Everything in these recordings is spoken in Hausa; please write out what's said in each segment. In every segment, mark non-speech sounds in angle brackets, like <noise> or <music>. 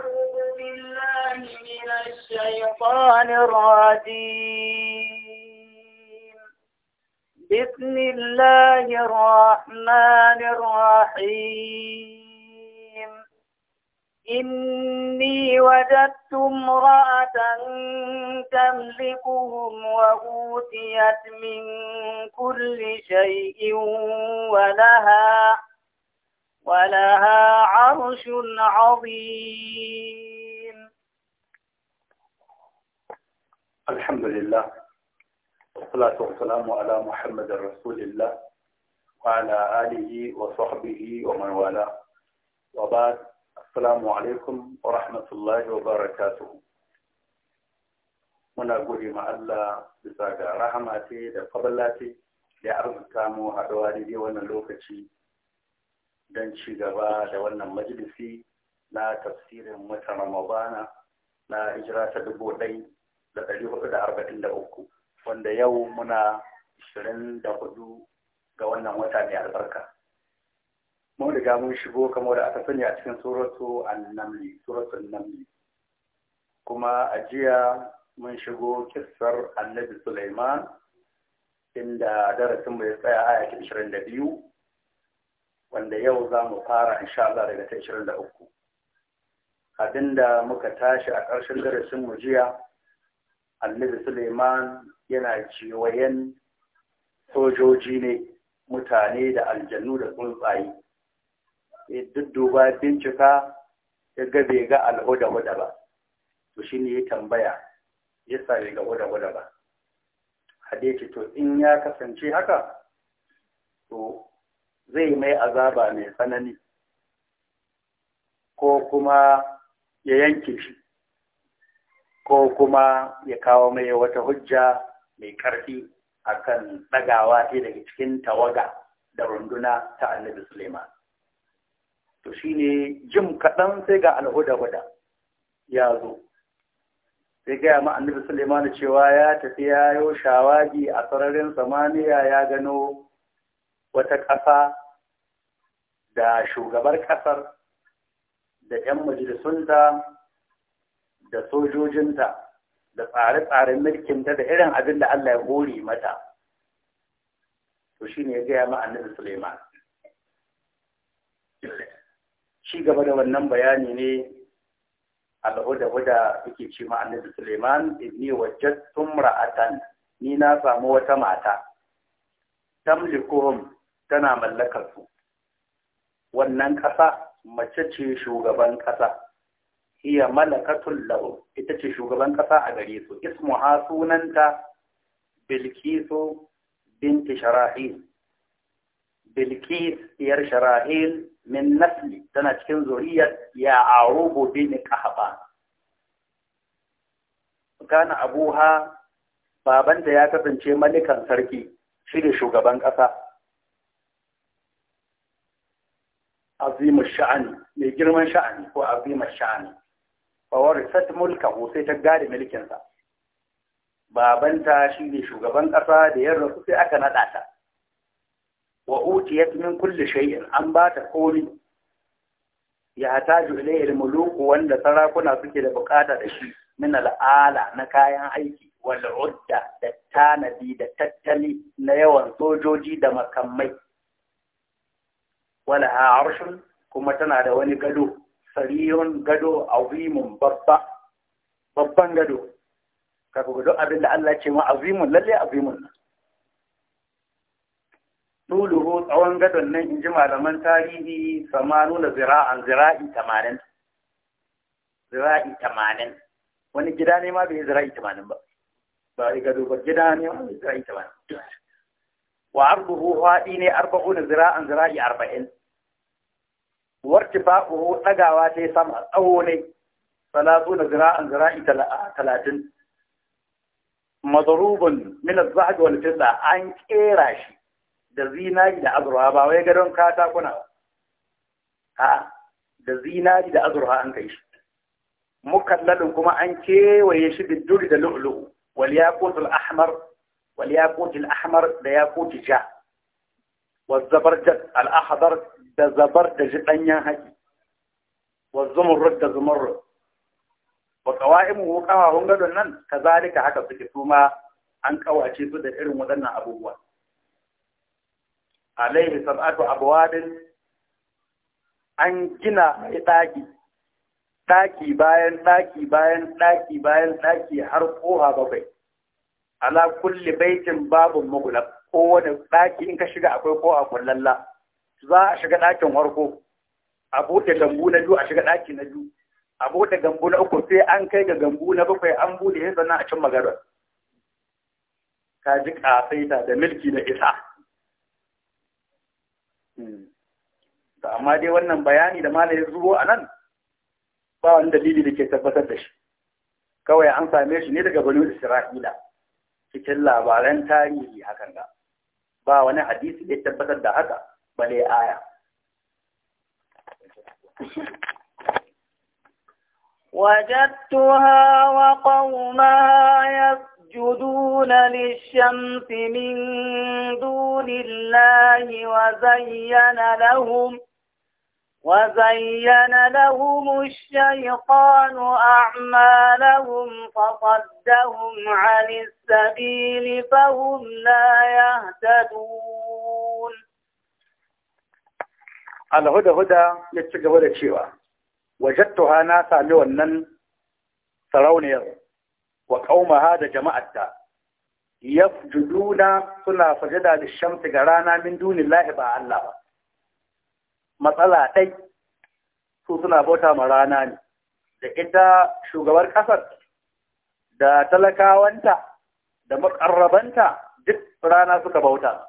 أعوذ بالله من الشيطان الرجيم بسم الله الرحمن الرحيم إني وجدت امرأة تملكهم وأوتيت من كل شيء ولها ولها عرش عظيم الحمد لله والصلاة والسلام على محمد رسول الله وعلى آله وصحبه ومن والاه وبعد السلام عليكم ورحمة الله وبركاته muna gode ma Allah bisa ga rahama ce da fadala da arzuta mu haɗuwa daidai wannan lokaci don ci gaba da wannan majalisi na tafsirin watan ramadana na hijira ta dubu ɗai da ɗari hudu da arba'in da uku wanda yau muna ishirin da hudu ga wannan wata mai albarka mun riga mun shigo kamar da aka sani a cikin suratu annamli suratu annamli kuma a jiya mun shigo kissar annabi suleiman inda darasin mu ya tsaya da 22 wanda yau za mu fara sha Allah daga ta uku? abinda muka tashi a ƙarshen darasin mu jiya Annabi Suleiman yana jiwayen sojoji ne mutane da aljannu da tsuntsaye eh, duk duba bincika ya ga bai ga alhuda wada ba to shine ya tambaya ya sa ga wada huda ba hade to in ya kasance haka to zai mai azaba mai tsanani ko kuma ya yanke shi ko kuma ya kawo mai wata hujja mai ƙarfi kan ɗagawa ta daga cikin tawaga da runduna ta annabi Suleiman. To shi ne jim kaɗan sai ga alhuda-huda ya zo. Sai gaya ma annabi Suleiman cewa ya tafi ya yi shawagi a sararin samaniya ya gano wata ƙasa da shugabar ƙasar da 'yan majalisunta da sojojinta da tsare-tsaren mulkinta da irin abin da Allah ya hore mata to shi ne ya gaya ma'anin Suleiman Shi gaba da wannan bayani ne alhuda-huda yake ce ma'anin Suleiman ibni wajjat tumra'atan ni na samu wata mata tamlikuhum tana mallakar su wannan ƙasa mace ce shugaban ƙasa hiya malakatul lahu ita ce shugaban ƙasa a gare su sunanta bilkisu binti sharahil bilkis 'yar sharahil min nasli tana cikin zuriyar ya arubu bin kahaba kana abuha babanta ya kasance malikan sarki shi da shugaban ƙasa azimar sha'ani mai girman sha'ani ko azimar sha'ani fawar sat mulka ko sai ta gari mulkinsa babanta shi ne shugaban ƙasa da yarda su sai aka naɗa ta wa utiyat min kulli shay'in an ba ta komi ya hataju ilayhi al-muluku wanda sarakuna suke da bukata da shi min al'ala na kayan aiki wal da tanadi da tattali na yawan sojoji da makamai walaha arshun kuma tana da wani gado sariyon gado azimun babba babban gado kafin gado abinda Allah ce ma azimun lalle azimun nan Duluhu tsawon gadon nan in ji malaman tarihi sama nuna zira'an zira'i tamanin. Zira'i tamanin. Wani gida ne ma bai zira'i tamanin ba. Ba a gado ba gida ne ma bai zira'i tamanin. wa arduhu haɗi ne arba'un zira'an zira'i arba'in wartifa'uhu dagawa sai sama tsawo ne salatuna zira'an zira'i talatin mazarubun min az zahd wal fidda an kera shi da zinari da azurfa ba wai gadon katakuna kuna ha da zinari da azurfa an kai shi mukallalin kuma an kewaye shi da duri da lu'lu'u wal yaqutul ahmar wal yaqut al ahmar da yaqut ja wal zabarjad al ahdar da zabarjad danyen haki wal zumurrud da zumurrud wa qawaimu qawahun gadon nan kazalika haka suke kuma an kawace su da irin waɗannan abubuwa alaihi sab'atu abwadin an gina mai daki ɗaki bayan ɗaki bayan ɗaki, bayan daki har koha bakwai ala kulli baitin babun mughlaq kowane ɗaki in ka shiga akwai ko a kullalla za a shiga ɗakin farko. a bude gambu na biyu a shiga daki na biyu a bude gambu na uku sai an kai ga gambu na bakwai an buɗe sai sannan a cin magarar ka ji ƙasaita da milki da isa hmm. amma dai wannan bayani da malamin zuwa a nan ba wani dalili da ke tabbatar da shi kawai an same shi ne daga banu isra'ila cikin labaran tarihi hakan ga ba wani hadisi da tabbatar da haka bale aya wajadtuha wa qawma yasjuduna lish-shamsi min dunillahi wa zayyana lahum وزين لهم الشيطان أعمالهم فصدهم عن السبيل فهم لا يهتدون الهدى هدى يتشجع ولا شيوا وجدتها ناسا لونن سروني وقومها دا جماعتها يفجدون سنة فجدا للشمس قرانا من دون الله با الله matsala ɗai su suna bauta ma rana ne da ita shugabar ƙasar da talakawanta da makarrabanta duk rana suka bauta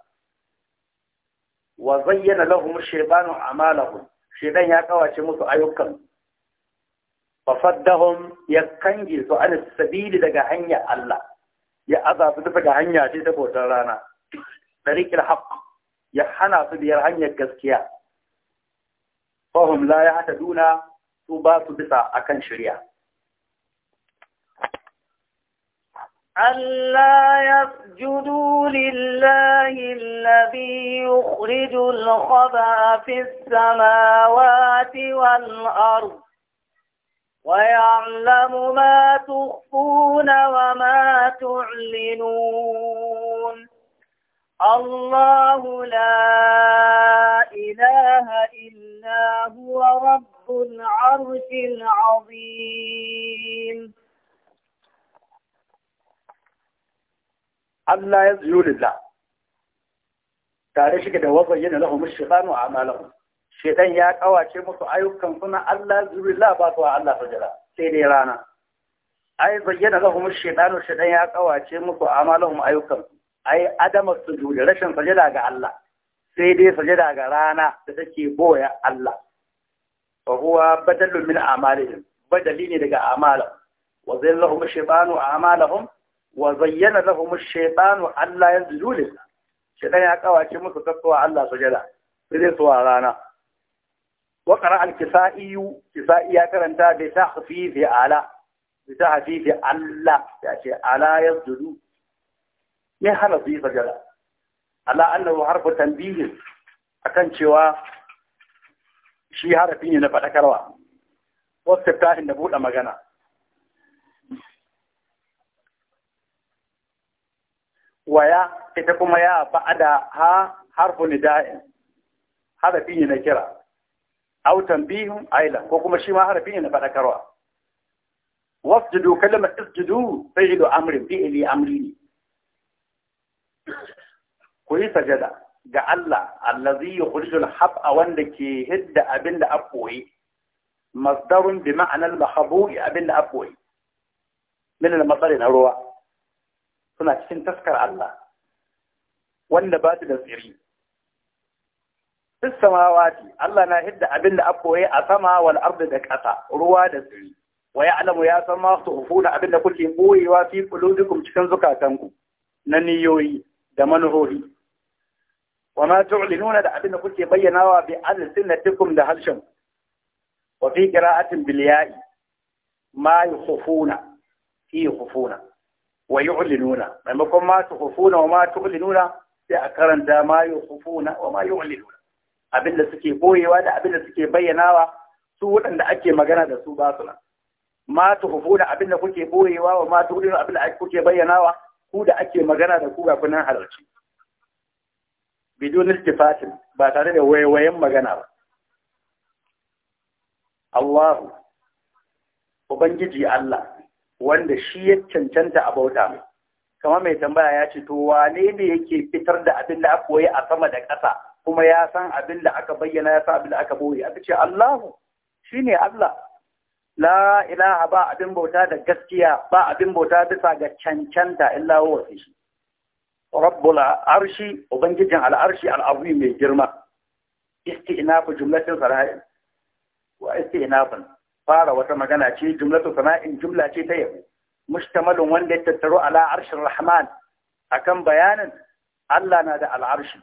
wa zayyana lahum shaytanu a'malahum shaytan ya kawace musu ayyukan fasaddahum ya kange su an sabili daga hanya Allah ya azabu daga hanya ce ta bautar rana tariqil haqq ya hana su biyar hanyar gaskiya فهم لا يعتدون hata duna أكن شريعة ألا يسجدوا لله الذي يخرج الخبأ في السماوات والأرض ويعلم ما تخفون وما تعلنون الله لا إله إلا هو رب العرش العظيم ألا يزيو لله تعالى شكرا وضينا لهم الشيطان وعمالهم الشيطان يا كواكي مصو أيوب كان صنع ألا يزيو لله باطوا الله فجلا سيدي رانا أي زين لهم الشيطان والشيطان يا كواكي مصر أعمالهم أيوكم صنع ai adama sujud rashin sajada ga Allah sai dai sajada ga rana da take boya Allah fa huwa badalun min a'malihim badali ne daga amala wa zallahum shaytanu a'malahum wa zayyana lahum shaytanu Allah yanzu lillah shaytan ya kawace musu kasuwa Allah sujada, sai dai suwa rana wa qara al-kisa'i kisa'i ya karanta bi tahfifi ala bi tahfifi Allah ya ce ala yanzu ya hana su yi sajada ala annahu harfu tanbih akan cewa shi harafi ne na faɗakarwa wasu tahin da bude magana waya ita kuma ya ba'ada ha harfu nida'in harafi ne na kira aw tanbihun aila ko kuma shi ma harafi ne na faɗakarwa wasjudu kalimar isjudu fa'ilu amrin fi'li amri ne ku yi sajada ga Allah allazi yukhrijul hab'a wanda ke hidda abinda abboye masdarun bi ma'anar mahabu'i abinda abboye min al-masari na ruwa suna cikin taskar Allah wanda ba da tsiri duk samawati Allah na hidda abinda abboye a sama wal ardi da ƙasa ruwa da tsiri wa ya'lamu ya san ma su da abinda kuke boyewa fi qulubikum cikin zukatanku na niyoyi da manuhohi wa ma tu'linuna da abin kuke bayyanawa bi alsinatikum da harshen wa fi qira'atin bil ya'i ma yukhufuna fi yukhufuna wa yu'linuna maimakon ma tukhufuna wa ma tu'linuna sai a karanta ma wa ma abin da suke boyewa da abin da suke bayyanawa su waɗanda ake magana da su ba su nan ma tukhufuna abin da kuke boyewa wa ma abin da kuke bayyanawa ku da ake magana da ku ga kunan halarci bidon istifatin ba tare da waiwayen magana ba Allahu ubangiji Allah wanda shi ya cancanta a bauta mai kama mai tambaya ya ce to wane ne yake fitar da abin da aka koyi a sama da ƙasa kuma ya san abin da aka bayyana ya san abin da aka boye aka ce Allahu shine Allah la ilaha ba abin bauta da gaskiya ba abin bauta bisa ga cancanta illa huwa shi Rabbula, arshi ubangijin al'arshi al'azim mai girma istinafu jumlatin sara'in wa istinafin fara wata magana ce jumlatu sana'in jumla ce ta yabo mushtamalun wanda ya tattaro ala arshin rahman akan bayanin Allah na da al'arshi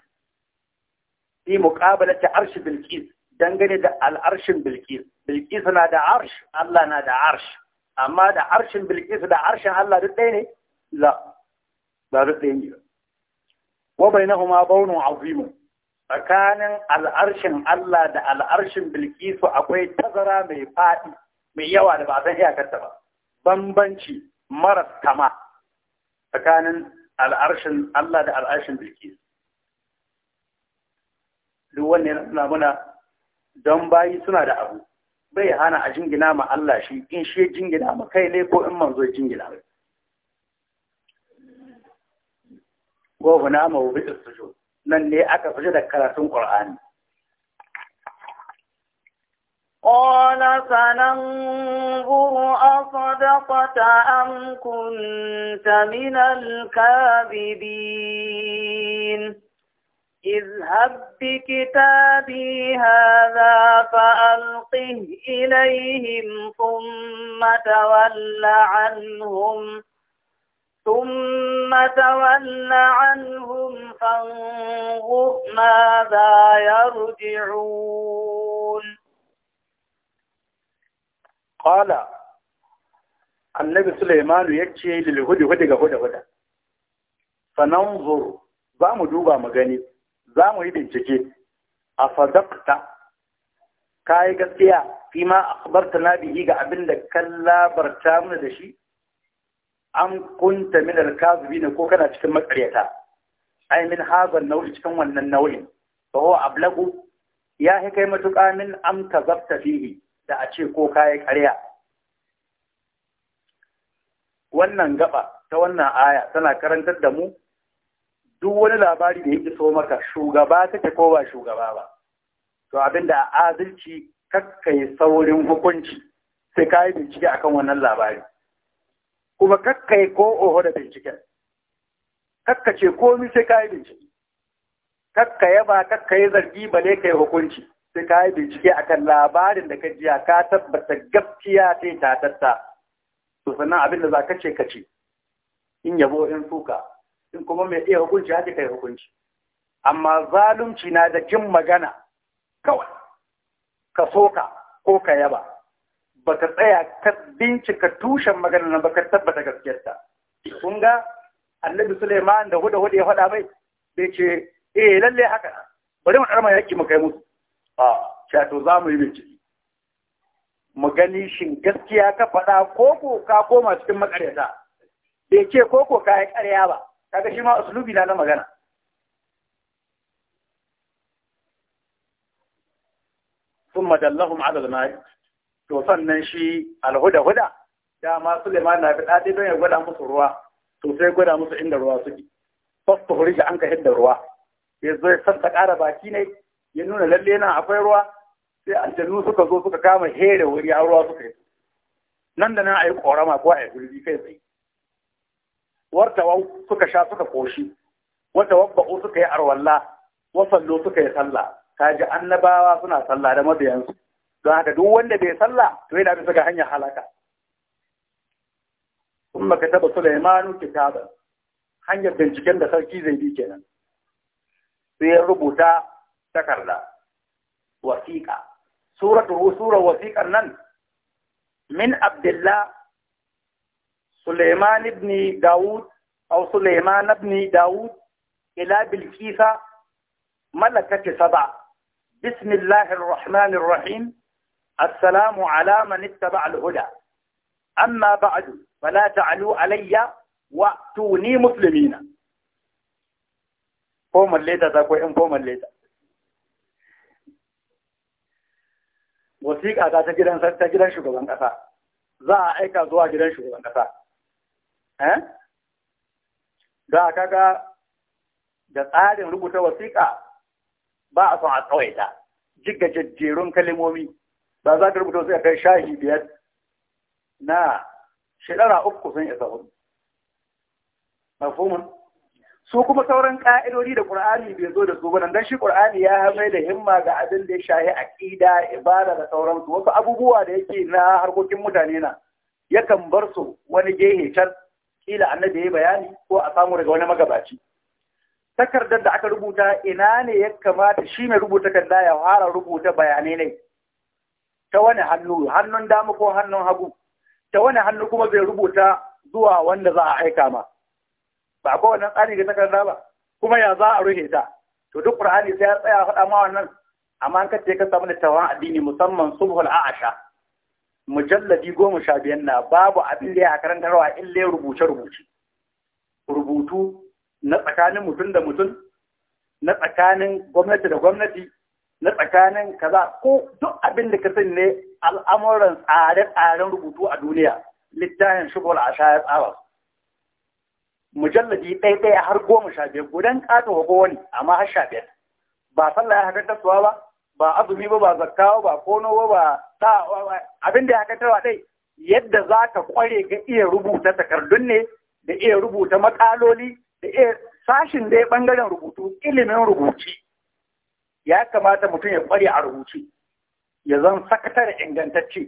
fi muqabalati arshi bilqis dangane da al'arshin bilqis bilqis na da arsh Allah na da arsh amma da arshin bilqis da arshin Allah duk ɗaya ne la ba duk ɗaya ne wa bainahuma baunun azimu tsakanin al'arshin Allah da al'arshin Bilkisu akwai tazara mai faɗi mai yawa da ba zan iya karta ba bambanci maras kama tsakanin al'arshin Allah da al'arshin Bilkisu duk wannan suna muna don bayi suna da abu bai hana a jingina ma Allah shi in shi jingina ma kai ne ko in manzo jingina mai wa huna السجود من لي أكف جدك fi قرآن قال سننظر أصدقت أم كنت من الكاذبين اذهب بكتابي هذا فألقه إليهم ثم تول عنهم Tummata Annabi Suleimanu ya ce, lallu gode-gode ga gode-gode. Sananzur za mu duba magani, za mu yi dace ke. A faɗakwata, ka yi gaskiya kima a kabarta naɗiƙi ga abinda kalla bar tamu da shi. an kunta min al ne ko kana cikin matsaryata ai min hazan nau'i cikin wannan nauyin fa huwa ablagu ya hi kai matuƙa min am tazafta fihi da a ce ko kai ƙarya wannan gaba ta wannan aya tana karantar da mu duk wani labari da ya iso maka shugaba take ko ba shugaba ba to abinda adalci kakkai saurin hukunci sai ka yi bincike akan wannan labari kuma kakkai ko oho da binciken ce komi sai ka yi bincike kakka yaba kakka yi zargi ba ne ka yi hukunci sai ka yi bincike akan labarin da ka jiya ka tabbata gaskiya sai ta tatta to sannan abin da za ka ce ka ce in yabo in suka in kuma mai iya hukunci haka kai hukunci amma zalunci na da jin magana kawai ka soka ko ka yaba baka tsaya ka bincika tushen maganar nan baka tabbata gaskiyarta kun ga annabi Suleiman da hudu hudu ya faɗa mai bai ce eh lalle haka bari mu ɗarma yaki mu kai musu a shato za mu yi bincike mu gani shin gaskiya ka faɗa koko ka koma cikin makaryata bai ce koko ka yi ƙarya ba kaga shi ma usulubi na na magana ثم دلهم على الماء to sannan shi alhuda-huda dama Suleiman na fiɗa ɗaya don ya gwada musu ruwa to sai gwada musu inda ruwa suke fasta hurija an ka hidda ruwa ya zo ya santa baki ne ya nuna lalle nan akwai ruwa sai aljannu suka zo suka kama here wuri a ruwa suka yi nan da nan a yi ƙorama ko a yi gurbi kai tsaye wartawa suka sha suka koshi wata wabba suka yi arwalla wasallo suka yi sallah kaji annabawa suna sallah da mabiyansu don haka duk wanda bai sallah to yana bisa ga hanyar halaka kuma ka taba Sulaimanu kitaban hanyar binciken da sarki zai bi kenan sai ya rubuta takarda wasiƙa suratu sura wasiƙan nan min abdullah Sulaiman ibn Dawud أو سليمان بن داود إلى بلكيسة ملكة سبع بسم الله الرحمن الرحيم Assalamu على من اتبع الهدى أما بعد فلا تعلوا علي وأتوني مسلمين فهم الليتا تقوي إن فهم الليتا wasiƙa ta ta ta gidan shugaban ƙasa za a aika zuwa gidan shugaban ƙasa eh da kaga da tsarin rubuta wasiƙa ba a son a tsawaita jigga jajjerun kalimomi ba za ka rubuta sai kai shahi biyar na shekara uku sun isa hudu Mafumin? su kuma sauran ka'idodi da ƙur'ani bai zo da su ba dan shi ƙur'ani ya mai da himma ga abin da ya shahi ƙida, ibada da sauransu wasu abubuwa da yake na harkokin mutane na yakan bar su wani gehe can ƙila annabi ya bayani ko a samu daga wani magabaci takardar da aka rubuta ina ne ya kamata shi mai rubuta kan ya fara rubuta bayanai ne ta wani hannu hannun dama ko hannun hagu ta wani hannu kuma bai rubuta zuwa wanda za a aika ma ba ko wannan tsari ga takarda ba kuma ya za a rufe ta to duk qur'ani sai ya tsaya faɗa ma wannan amma an kace ka samu littawan addini musamman subhul a'asha mujalladi goma sha na babu abin da ya karantarwa illa rubuce rubuce rubutu na tsakanin mutum da mutum na tsakanin gwamnati da gwamnati na tsakanin kaza ko duk abin da ka sani ne al'amuran tsare-tsaren rubutu a duniya littafin shigowar a shayar tsara mujalladi ɗaya ɗaya har goma sha biyar gudan ƙato wa kowane amma har sha biyar ba sallah ya hakatarsuwa ba ba azumi ba ba zakka ba kono ba ba ta abin da ya hakatarwa ɗai yadda za ka ƙware ga iya rubuta takardun ne da iya rubuta makaloli da iya sashin dai ɓangaren rubutu ilimin rubuci ya kamata mutum ya kware a rubuce ya zan sakatare ingantacce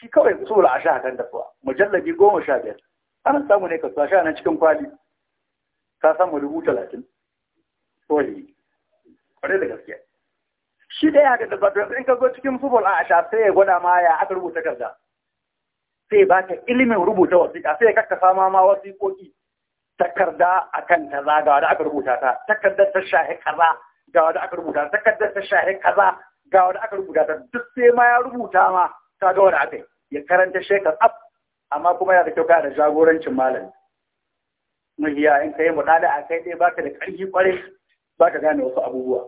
shi kawai tsoro a hakan da kuwa. mujallabi goma sha biyar ana samu ne kasuwa sha nan cikin kwali ka samu dubu talatin tsohi kwarai da gaske. shi ɗaya haka da zafi in ka zo cikin subol a asha sai ya gwada ma ya aka rubuta karda sai ba ka ilimin rubuta wasiƙa sai ya kakkasa ma ma wasiƙoƙi takarda kan ta zagawa da aka rubuta ta takardar ta shahi kaza ga wanda aka rubuta takardar ta shahe kaza ga wanda aka rubuta ta duk sai ma ya rubuta ma ta ga wanda aka ya karanta shekar af amma kuma yana da kyau kana da jagorancin malami mahiya in kai mu dada a kai ba baka da karfi kwarai baka gane wasu abubuwa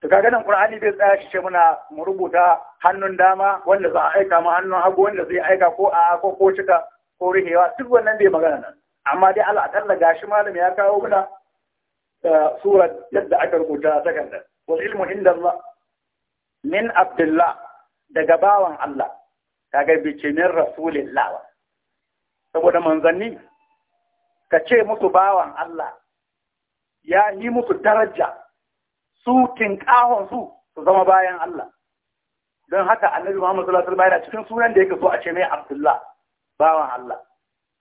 to kaga nan qur'ani bai tsaya shi ce muna mu rubuta hannun dama wanda za a aika ma hannun hagu wanda zai aika ko a ko ko cika ko rihewa duk wannan bai magana nan amma dai Allah akalla gashi malami ya kawo muna surar yadda aka rubuta takardar wal ilmu inda Allah min abdullah daga bawan Allah kaga bice min rasulillah saboda manzanni ka ce musu bawan Allah ya yi musu daraja su tinkahon su su zama bayan Allah don haka annabi Muhammad sallallahu alaihi wasallam cikin sunan da yake so a ce mai Abdullah bawan Allah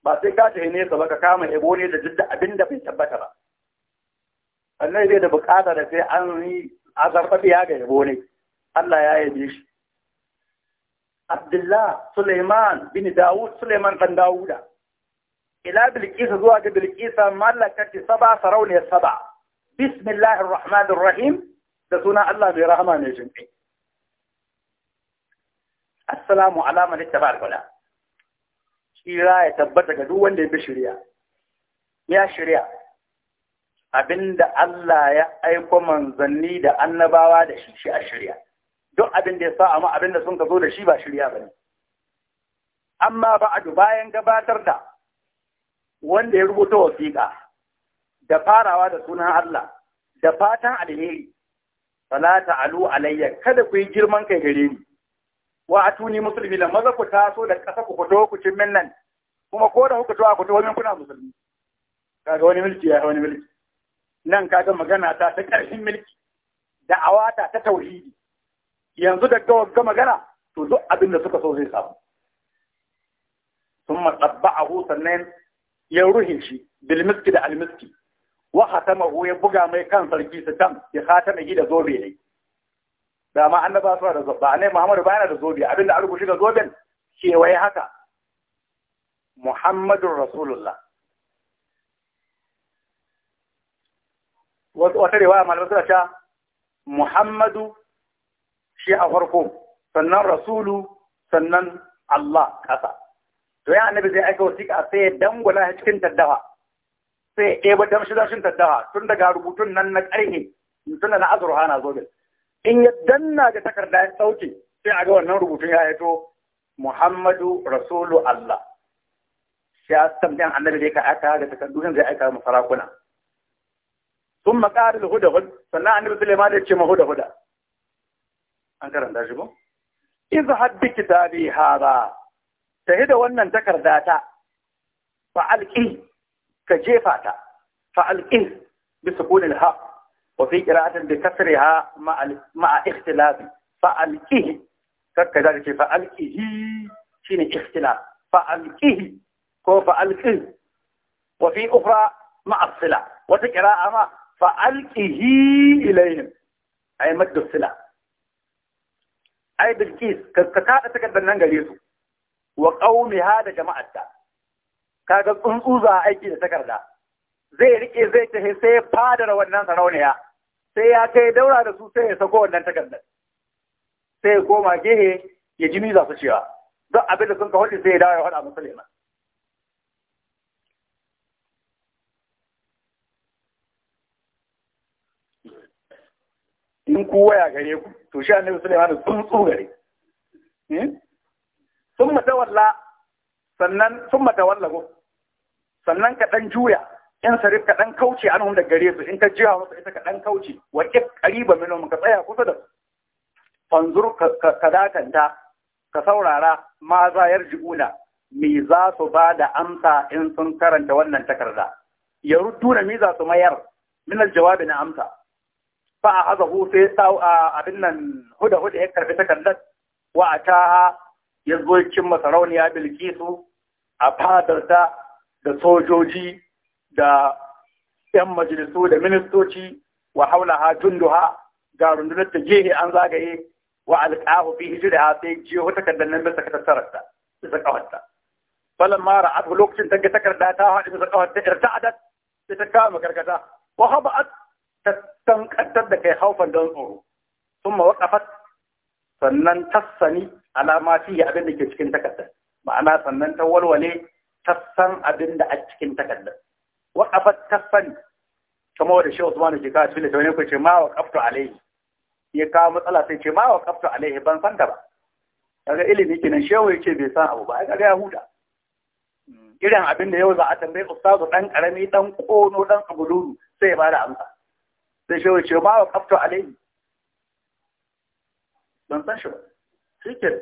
ba sai ka ta nesa ba ka kama ebo ne da duk abin da bai tabbata ba Allah zai da bukata da sai an yi ya ga yabo ne Allah ya yabe shi Abdullah Suleiman bin Dawud Suleiman ɗan Dawuda ila Bilkisa zuwa ga Bilkisa ce saba sarauniyar saba bismillahir rahmanir rahim da suna Allah mai rahama mai jinƙi assalamu ala man ittaba al-huda kira ya tabbata ga duk wanda ya bi shirya. ya shirya. Abin da Allah ya aiko manzanni da annabawa da shi shi a shirya duk abin da ya sa amma abin da sun ka zo da shi ba shirya ba ne amma ba'adu bayan gabatar da wanda ya rubuta wasiƙa da farawa da sunan Allah da fatan alheri Salata alu alayya kada ku yi girman kai gare ni wa tuni musulmi la maza ku taso da ƙasa ku fito ku cin nan kuma ko da kuka to ku fito wani kuna musulmi kaga wani milki ya wani milki. nan ka kaga magana ta ta ƙarfin mulki da awata ta tauhidi yanzu da ga magana to duk abin da suka so zai samu tabba'a طبعه sannan ya ruhin shi bilmiski da almiski wa hatamahu ya buga mai kan sarki su tam ya hatama gida zobe ne da ma annaba su da zobe ne Muhammadu bayana da zobe abin an rubushi ga zoben kewaye haka Muhammadun Rasulullah wata riwaya malamai suna ta Muhammadu shi a farko sannan rasulu sannan Allah ƙasa. to ya annabi zai aika wasiƙa sai ya dangula cikin taddawa sai ya ɗeba damshi damshin taddawa tun daga rubutun nan na ƙarhe tun da na azurha na zobel in ya danna ga takarda ya sauke sai a ga wannan rubutun ya haito Muhammadu rasulu Allah Sai a samjan annabi da ka aka ga takardu zai aika masarakuna. sarakuna ثم قال الهدى هدى فنا ما سليمان كما هدى هدى أنكر أن تجيبه اذهب بكتابي هذا تهدى وأن انتكر ذاتا فعلقه كجيفاتا فعلقه بسكون الهاء وفي قراءة بكثرها مع مع اختلاف فعلقه كذلك فعلقه شنو اختلاف فعلقه كو فعلقه وفي أخرى مع الصلاة وفي قراءة fa'alƙihi ilayhim a yi madda sila ai bilkis ka kaɗa takardar nan gare su wa ƙaumiha da jama'arta kaga tsuntsu za a aiki da takarda zai rike zai tafi sai ya wannan sarauniya sai ya kai daura da su sai ya sako wannan takardar sai ya koma gehe ya ji za su cewa don abin da sun ka hudu sai ya dawo ya faɗa musulman in ku waya gare ku to shi annabi Sulaiman tsuntsu gare sun eh? matawalla sannan sun matawalla go sannan ka dan juya in sare ka dan kauce an hum da gare su in ka jiya musu ita ka dan kauce wa ik qariba minhum ka tsaya kusa da fanzur ka dakanta ka saurara ma za yar yarjiuna me za su ba da amsa in sun karanta wannan takarda ya rudduna me za su mayar min aljawabi na amsa fa a azahu sai a abin nan huda huda ya karbi takardar wa ta ya zo cin masarauniya bilkisu a fadarta da sojoji da yan majalisu da ministoci wa haula haulaha junduha ga rundunar ta gehe an zagaye wa alqahu fi ha sai jiyo takardar nan bisa katarta bisa kawarta falan mara a lokacin ta ga takarda ta haɗu bisa kawarta irta'adat sai ta kama karkata wa haba'at ta kankantar da kai haufan don tsoro sun ma waƙafat sannan tassani alama fiye abin da ke cikin takardar ma'ana sannan ta walwale tassan abin da a cikin takardar waƙafat tassan kamar wadda shi Usman ke kawo cikin da wani ku ce ma waƙaftu alaihi ya kawo matsala sai ce ma waƙaftu alaihi ban san ta ba kaga ilimi kenan shehu ya ce bai san abu ba ai kaga ya huda irin abin da yau za a tambayi ustazu dan karami dan kono dan abululu sai ya bada amsa شو شو ما وقفتوا عليه بنتشر فكر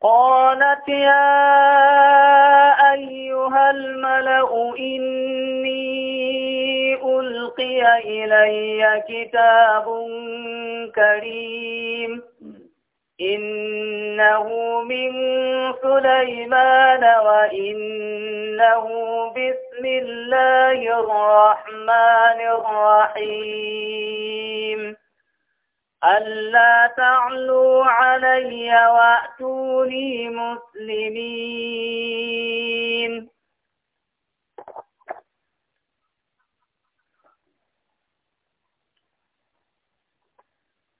قالت يا أيها الملأ إني ألقي إلي كتاب كريم إنه من سليمان وإنه بسم الله الرحمن الرحيم ألا تعلوا علي وأتوني مسلمين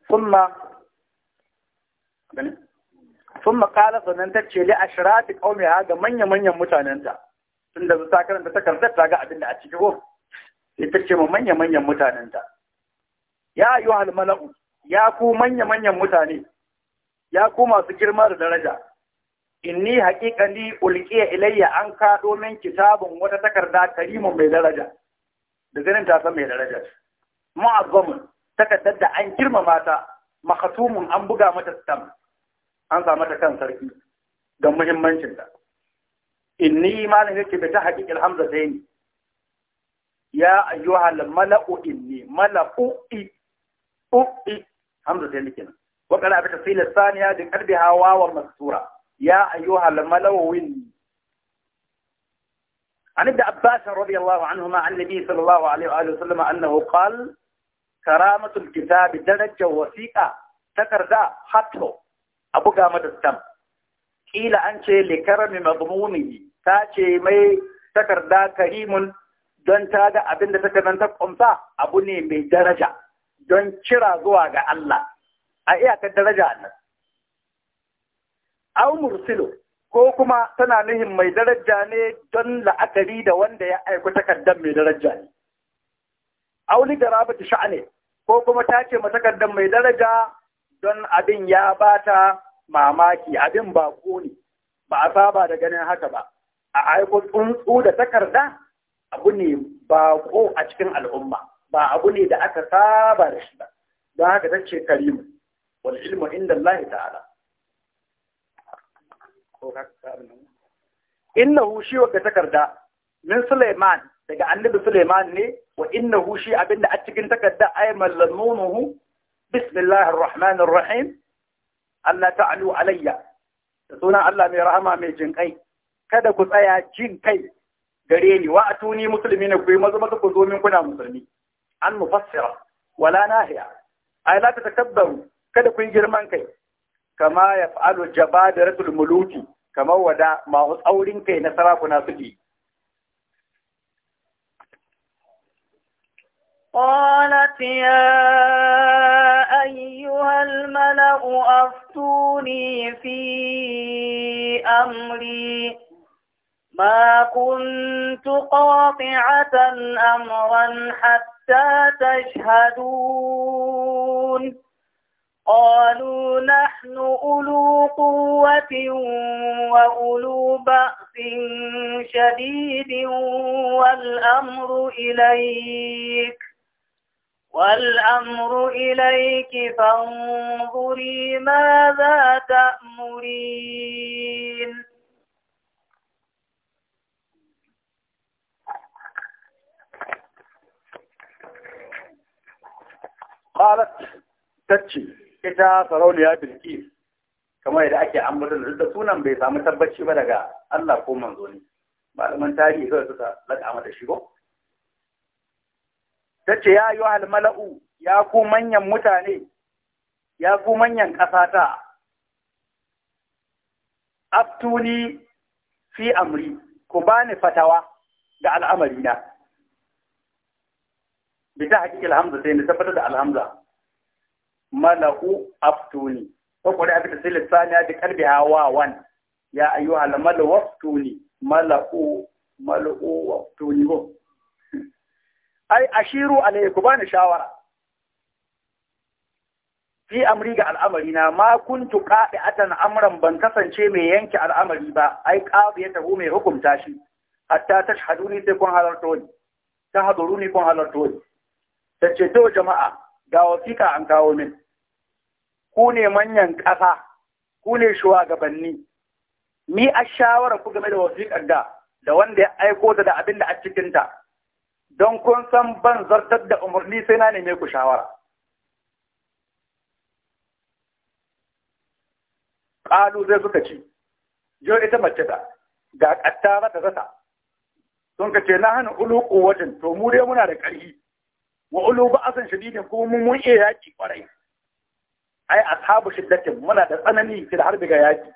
ثم sun makala sannan ta ce li ashirati qaumiha ga manya-manyan mutanenta tun da ta karanta takardar ta ga abin da a ciki ko sai ta ce ma manya-manyan mutanenta ya ayyuhal mala'u ya ku manya-manyan mutane ya ku masu girma da daraja inni haƙiƙani ulqiya ilayya an kaɗo min kitabun wata takarda karimun mai daraja da ganin ta san mai daraja mu'azzamun takardar da an girmama ta makatumun an buga mata stamp an samu da kan sarki don muhimmancin ta inni malam yake bi ta haƙiƙil hamza sai ni ya ayyuhal mala'u inni mala'u i u'i hamza sai ni kenan wa kana bi tafsil thaniya bi qalbi hawa wa masura ya ayyuhal mala'u inni عن ابن عباس رضي الله عنهما عن النبي صلى الله عليه وآله وسلم أنه قال كرامة الكتاب درجة وثيقة حتى a buga mata stamp kila an ce li karami mazmumi ta ce mai takarda karimun don ta ga abin da nan ta kumsa abu ne mai daraja don kira zuwa ga Allah a iyaka daraja nan aw mursilo ko kuma tana nuhin mai daraja ne don la'akari da wanda ya aiko takardar mai daraja ne. Auli da rabata sha'ane ko kuma ta ce mai daraja don abin ya bata mamaki abin bako ne ba a saba da ganin haka ba a aiko tsuntsu da takarda abu ne bako a cikin al'umma ba abu ne da aka saba da shi ba don haka ta ce karimu wal ilmu inda Allah ta'ala Inna shi wa takarda min Suleiman daga annabi Suleiman ne wa inna shi abinda a cikin takarda ay mallamunuhu بسم الله الرحمن الرحيم Allah ta'alu alayya da sunan Allah mai rahma mai jinƙai. kada ku tsaya jin kai gare ni wa atuni musulmi na ku yi maza maza ku zo min kuna musulmi an mufassira wala nahiya ay la tatakabbaru kada ku yi girman kai kama yaf'alu jabadaratul muluki kamar wada ma tsaurin kai na sarakuna suke قالت يا أفتوني في أمري ما كنت قاطعة أمرا حتى تشهدون قالوا نحن أولو قوة وأولو بأس شديد والأمر إليك والأمر إليك فانظري ماذا تأمرين قالت تتشي إذا سروني بالكيف kamar yadda ake ambatan da sunan bai samu tabbaci ba daga Allah ko manzo ne malaman tarihi kawai suka laka mata shi ko Ta ce ya yi al ya ku manyan mutane ya ku manyan kasata aftuni fi amri ku bani fatawa da al'amari na bi ta haƙiƙa alhamdu sai ni tabbatar da alhamza mala'u aftuni ko kuma da ta sai ya ji kalbi hawa wani. ya ayyuha wa mala'u aftuni mala'u mala'u aftuni ko ai ashiru alayhi ku bani shawara fi amri ga al'amari na ma kuntu qadi'atan amran ban kasance mai yanke al'amari ba ai qadiyatahu mai hukunta shi hatta tashhaduni sai kun halarto ni ta hadaruni kun halarto ni tace to jama'a ga wasiƙa an kawo min ku ne manyan ƙasa ku ne shugabanni ni a shawara ku game da wasiƙar da da wanda ya aiko ta da abin da a cikinta don kun san ban zartar da umarni sai na neme ku shawara ƙalu zai suka ci jo ita mace ta ga ƙattara ta zata sun ka ce na hana ulu ƙuwajin, to mu dai muna da ƙarfi wa ulu ba asan kuma mun mun iya yaƙi ƙwarai ai ashabu shiddatin muna da tsanani fil harbi ga yaƙi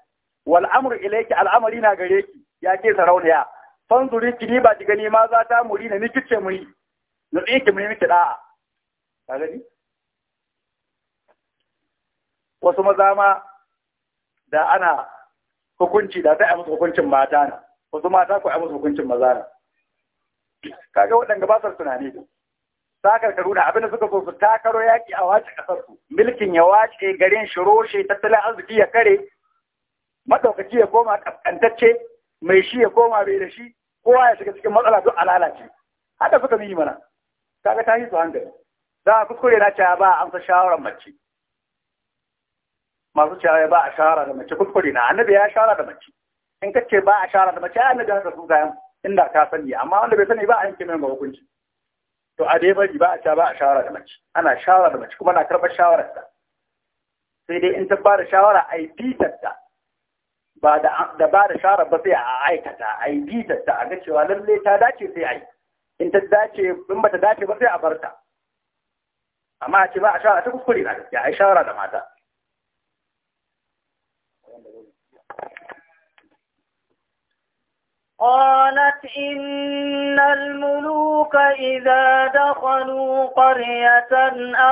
wal amru ilaiki al'amari na gare ki ya ke sarauniya fanzuri kini ba ki gani ma za ta muri na nikice muri na tsike muri miki da'a ka gani wasu maza ma da ana hukunci da ta yi musu hukuncin mata na wasu mata ku yi musu hukuncin maza na kaga waɗanda ba su tunani ne sakar karuna abinda suka so su takaro yaƙi a wace ƙasar su milkin ya wace garin shi tattalin arziki ya kare madaukaki ya koma ƙasƙantacce mai shi ya koma bai da shi kowa ya shiga cikin matsala to alalace haka suka yi mana kaga ta yi su hankali za a kuskure na cewa ba a amsa shawarar mace masu cewa ba a shawara da mace kuskure na annabi ya shawara da mace in ka ce ba a shawara da mace annabi ya rasu kayan inda ka sani amma wanda bai sani ba a yanke mai hukunci to a dai bari ba a cewa ba a shawara da mace ana shawara da mace kuma na karɓar shawararta sai dai in ta ba da shawara a yi fitar ta ba da ba da shara ba sai a aikata a yi bitar ta a ga cewa lalle ta dace sai a yi in ta dace in ba ta dace ba sai a barta amma a ce ba a shara ta kuskure na gaskiya a yi shara da mata قالت إن الملوك إذا دخلوا قرية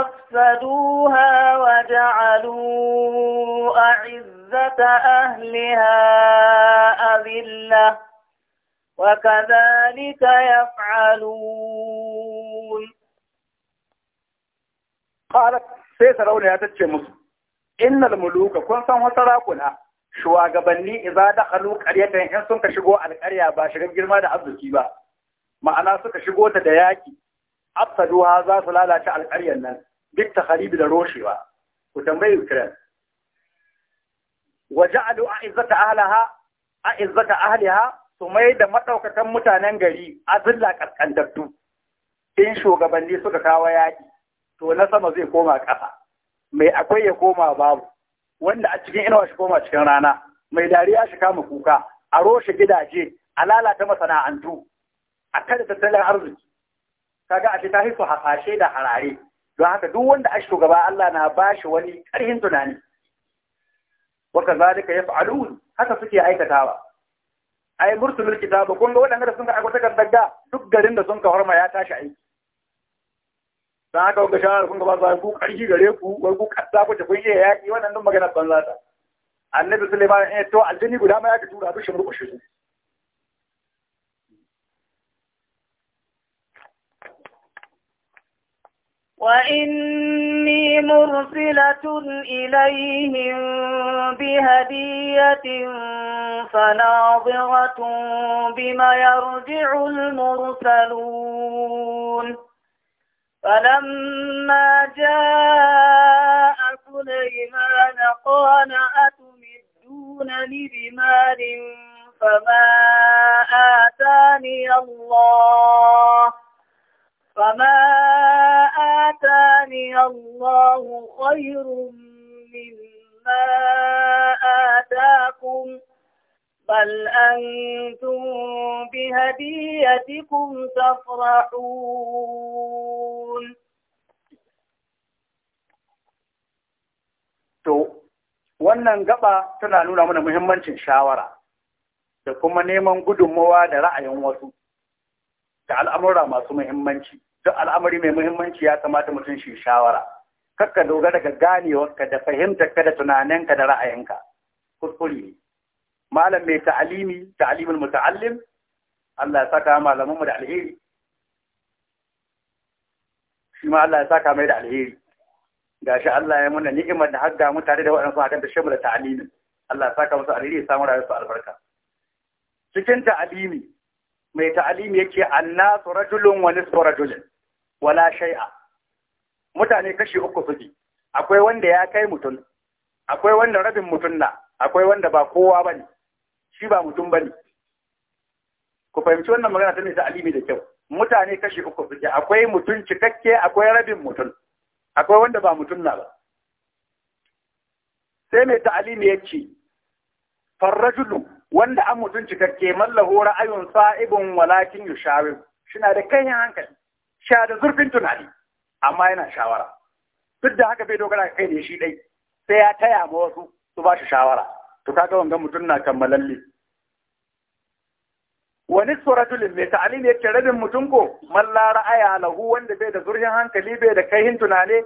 أفسدوها وجعلوا أعزة أهلها أذلة وكذلك يفعلون قالت سيسرون يا الشمس إن الملوك كنتم وسراكنا shugabanni idza halu qaryatan in sun ka shigo alqarya ba shiga girma da arziki ba ma'ana suka shigo ta da yaki afsaduha za su lalace alqaryan nan duk takharibi da roshewa ku tambayi ukraine waja'alu a'izzata ahliha a'izzata ahliha su mai da madaukakan mutanen gari azilla kaskantattu in shugabanni suka kawo yaƙi, to na sama zai koma ƙasa mai akwai ya koma babu wanda a cikin inuwa shi koma cikin rana mai dariya shi kama kuka a roshe gidaje a lalata masana'antu a kada tattalin arziki kaga a ta hisu hasashe da harare don haka duk wanda a shugaba Allah na bashi wani karhin tunani waka zalika yaf'alun haka suke aikatawa ai mursulul kitaba kun ga waɗanda sun ga aiwata kan duk garin da sun ka horma ya tashi aiki za ka ga shawarar kun gaba za ku karki gare ku wai ku kasa ku tafi ya yaki wannan nan magana banza ta annabi sulaiman ya to aljini guda ma ya ka tura duk shi murƙushe su وإني مرسلة إليهم بهدية فناظرة بما يرجع المرسلون فلما جاء سليمان قال أتمدونني بمال فما آتاني الله فما آتاني الله خير مما آتاكم بل أنتم بهديتكم تفرحون To, wannan gaba tana nuna mana muhimmancin shawara da kuma neman gudunmawa da ra'ayin wasu da al'amura masu muhimmanci. Duk al'amari mai muhimmanci ya kamata mutum shi shawara. Kakka dogara ga ganewarka da fahimtarka da tunaninka da ra'ayinka. Kuskure malam mai ta'alimi ta'alimul muta'allim Allah ya saka malaman mu da alheri shi ma Allah ya saka mai da alheri gashi Allah ya muna ni'imar da har mu tare da waɗansu hakan da da ta'alimin Allah ya saka musu alheri ya samu rayuwar su albarka cikin ta'alimi mai ta'alimi yake annasu rajulun wa nisfu rajulin wala shay'a mutane kashi uku suke akwai wanda ya kai mutum akwai wanda rabin mutum na akwai wanda ba kowa bane shi ba mutum bane ku fahimci wannan magana ta nisa alimi da kyau mutane kashi uku suke akwai mutum cikakke akwai rabin mutum akwai wanda ba mutum na ba sai mai ta'alimi ya ce farrajulu wanda an mutum cikakke mallahu ra'ayun sa'ibun walakin yushawir shina da kanyan hankali sha da zurfin tunani amma yana shawara duk da haka bai dogara kai ne shi dai sai ya taya ma wasu su ba shi shawara to kaga wanga mutum na kammalalle wani rajulin mai ta'alim yake rabin mutum ko mallara ra'aya lahu wanda bai da zurfin hankali bai da kaihin tunane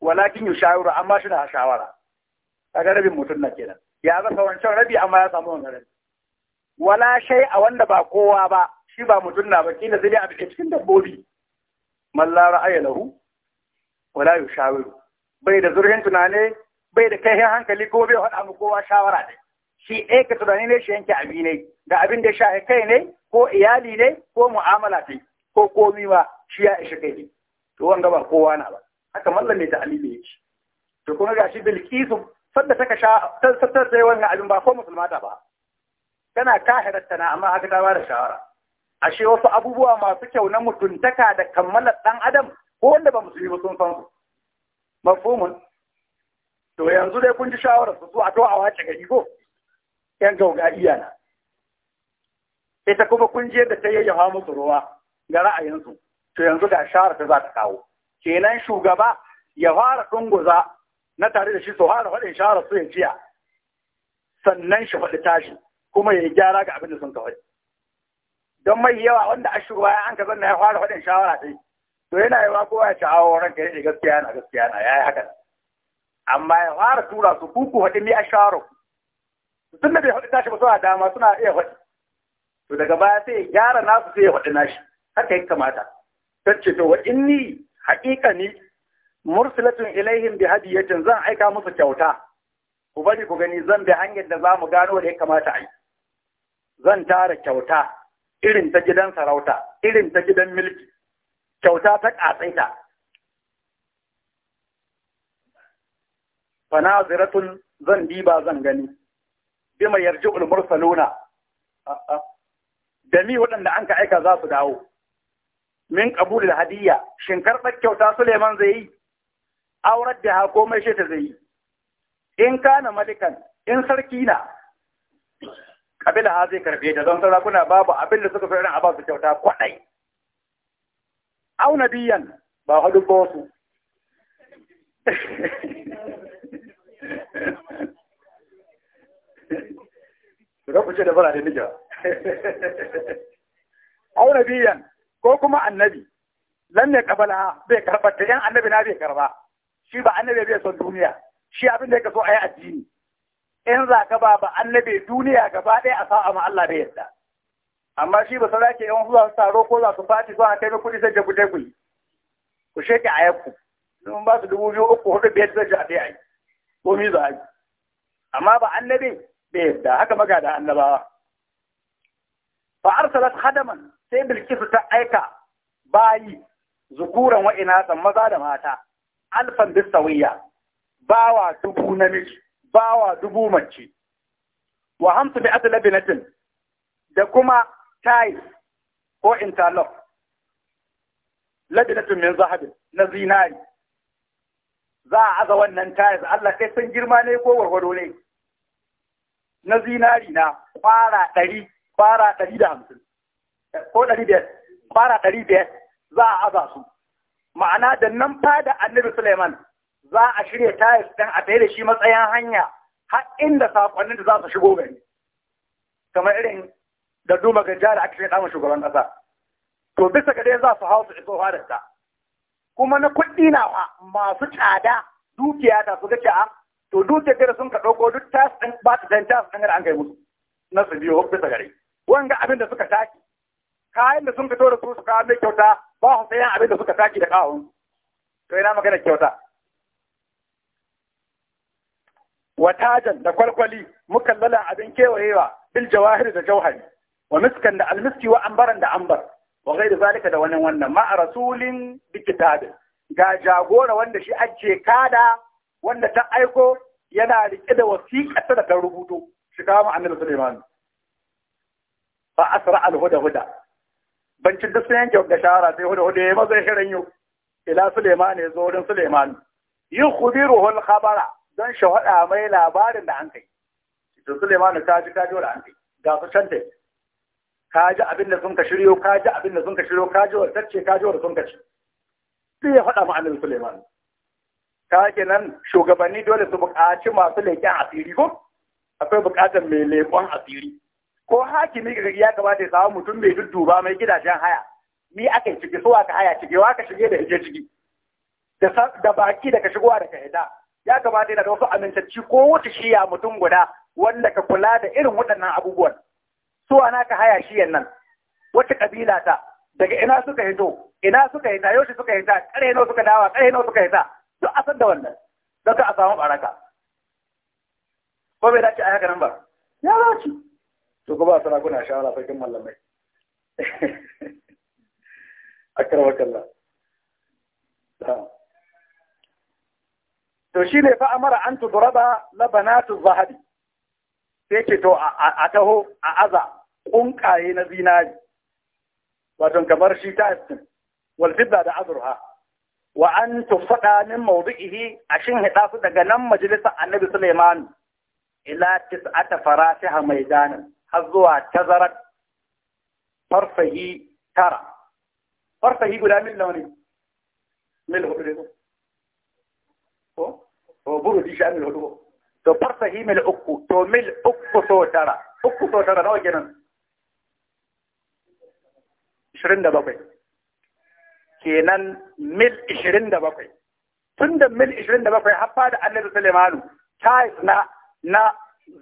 walakin yi shawara amma shi na shawara kaga rabin mutum na kenan ya rasa wancan rabi amma ya samu wannan rabi wala shay a wanda ba kowa ba shi ba mutum na ba kina zai a cikin dabbobi mallara ra'aya lahu wala yi shawaru bai da zurfin tunane bai da kaihin hankali ko bai hada mu kowa shawara ne shi ɗaya ka tunani ne shi yanke abi ne da abin da sha kai ne ko iyali ne ko mu'amala ta ko komi ba shi ya ishe kai ne to wanga ba kowa na ba haka mallam ne ta alimi ya ce to kuma gashi bilkisu sanda ta sha ta sai wannan abin ba ko musulmata ba tana kahirarta na amma haka ta ba da shawara ashe wasu abubuwa masu kyau na mutuntaka da kammalar ɗan adam ko wanda ba musulmi ba sun san su mafhumun to yanzu dai kun ji shawarar su a to a wace gari ko ‘yan gauga iyana. Ita kuma kunjiyar da ta yayyafa musu ruwa ga ra'ayinsu, to yanzu ga shahara ta za ta kawo. Kenan shugaba ya fara ɗunguza na tare da shi su fara faɗin shahara su ya jiya, sannan shi faɗi tashi, kuma ya yi gyara ga abin da sun kawai. Don mai yawa wanda a shugaba ya an ka zanna ya fara faɗin shawara ɗai, to yana yi wa kowa ya ci awo ka yi gaskiya na gaskiya na ya yi haka. Amma ya fara tura su kuku faɗi ni a shawarar tun da bai haɗu tashi ba suna dama suna iya faɗi to daga baya sai ya gyara nasu sai ya faɗi nashi ka yi kamata ta ce to wa inni haƙiƙa ni mursalatun ilaihim bi hadiyatin zan aika musu kyauta ku bari ku gani zan bi hanyar da za mu gano da ya kamata a yi zan tara kyauta irin ta gidan sarauta irin ta gidan milki kyauta ta ƙatsaita ziratun zan diba zan gani bima yarji'ul mursaluna da ni waɗanda an ka aika za su dawo min al hadiyya shin karɓar kyauta Suleiman zai yi aurar da ha komai shi ta zai yi in kana malikan in sarki na kabila ha zai karbe da don sarakuna babu abin da suka fi a abasu kyauta kwadai au nabiyan ba hadu ko su <laughs> Ka da bara da nija. nabiyan ko kuma annabi lan ne kabala bai karba ta yan annabi na bai karba. Shi ba annabi bai son duniya. Shi abin da ya kaso a yi addini. In za ka ba ba annabi duniya gaba ɗaya a sa'a ma Allah bai yadda. Amma shi ba sai ke yan zuwa taro ko za su fati zuwa kai kudi sai da gudai kuyi. Ku sheke a yakku. Sun ba su dubu biyu uku hudu biyar zai ji a ɗaya yi. Komi za a yi. Amma ba annabi bai yadda haka da annabawa fa arsalat khadaman sai bilkisu ta aika bayi zukuran wa san maza da mata alfan bisawiya bawa dubu namiji bawa dubu mace wa hamsu bi labinatin. da kuma tiles ko interlock Labinatin min zahabin na zinari za a aza wannan tiles Allah sai sun girma ne ko warwaro ne na zinari na fara ɗari fara ɗari da hamsin ko ɗari biyar Fara ɗari biyar za a aza su ma'ana da nan fada annabi Suleiman za a shirya tayar ɗin a tsaye da shi matsayin hanya har inda saƙonnin da za su shigo gari kamar irin da duma gajja da aka shirya shugaban ƙasa to bisa ga dai za su hau su iso harinta kuma na kuɗi na masu tsada dukiya ta su gace a to duk da dare sun ka ɗauko duk tas ɗin ba ta dan tas ɗin an kai musu na su biyo bisa gare wanga abin da suka taki kayan da sun fito da su su kawo mai kyauta ba su sayan abin da suka taki da kawo. to ina magana kyauta watajan da kwalkwali mukallala abin kewayewa bil jawahir da jauhari wa miskan da almiski wa ambaran da ambar wa gaida zalika da wannan wannan ma a rasulin bi ga jagora wanda shi ake kada wanda ta aiko yana rike da wasiƙa da ta rubuto shi kawo mu annabi Sulaiman fa asra al huda huda bancin da sun yanke da shahara sai huda huda ya mazai shirin yau ila Sulaiman ya zo wurin Sulaiman yukhbiruhu al khabara don shi hada mai labarin da an kai to Sulaiman ka ji ka ji da an kai ga su can ka ji abin da sun ka shiryo ka ji abin da sun ka shiryo ka ji wa tacce ka ji wa sun ka ci sai ya faɗa mu annabi Sulaiman ka nan shugabanni dole su buƙaci masu leƙen asiri ko akwai buƙatar mai leƙon asiri ko hakimi ga ya kamata ya samu mutum mai dudduba mai gidajen haya ni aka ciki so aka haya ciki wa ka shige da hije ciki da baki da ka shigowa da ka hida ya kamata yana da wasu amintacci ko wuce shiya mutum guda wanda ka kula da irin waɗannan abubuwan su ana ka haya shi nan wata kabila ta daga ina suka hito ina suka hita yaushe suka hita ƙarhe nawa suka dawa ƙarhe nawa suka hita duk a da wannan don ka a samu baraka ko bai dace a haka nan ba ya dace to ko ba kuna shawara sarkin mallamai <laughs> akarwaka Allah to shi ne fa amara an tuduraba labanatu zahabi sai ce to a taho a aza kunkaye na zinari wato kamar shi ta wal fidda da azurha wa an tufada min mawdu'ihi a shin hida su daga nan majalisar annabi Sulaiman ila tis'ata farasiha maidanin har zuwa tazarar farfahi tara farfahi guda min nawa ne mil hudu ne ko ko buru di sha mil hudu to farfahi mil uku to mil uku so tara uku so tara nawa kenan 27 kenan mil 27 tun da mil 27 har fada annabi Sulaimanu ta na na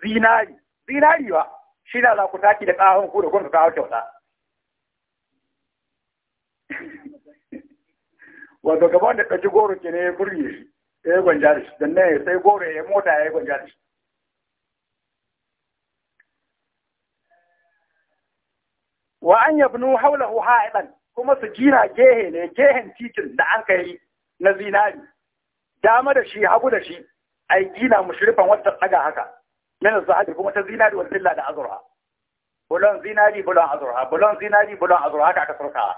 zinari zinari ba shi na za ku taki da tsahon ku da kun kawo kyauta <laughs> wato gaban da ɗauki goro ke ne ya burge shi ya yi gwanja da shi don nan sai goro ya yi mota ya yi gwanja da shi wa an yabnu haulahu ha'idan kuma su gina gehe ne gehen titin da an yi na zinari dama da shi hagu da shi a yi gina mushrifan wata tsaga haka min zahabi kuma ta zinari wa dilla da azurha bulon zinari bulon azurha bulon zinari bulon azurha haka aka surkawa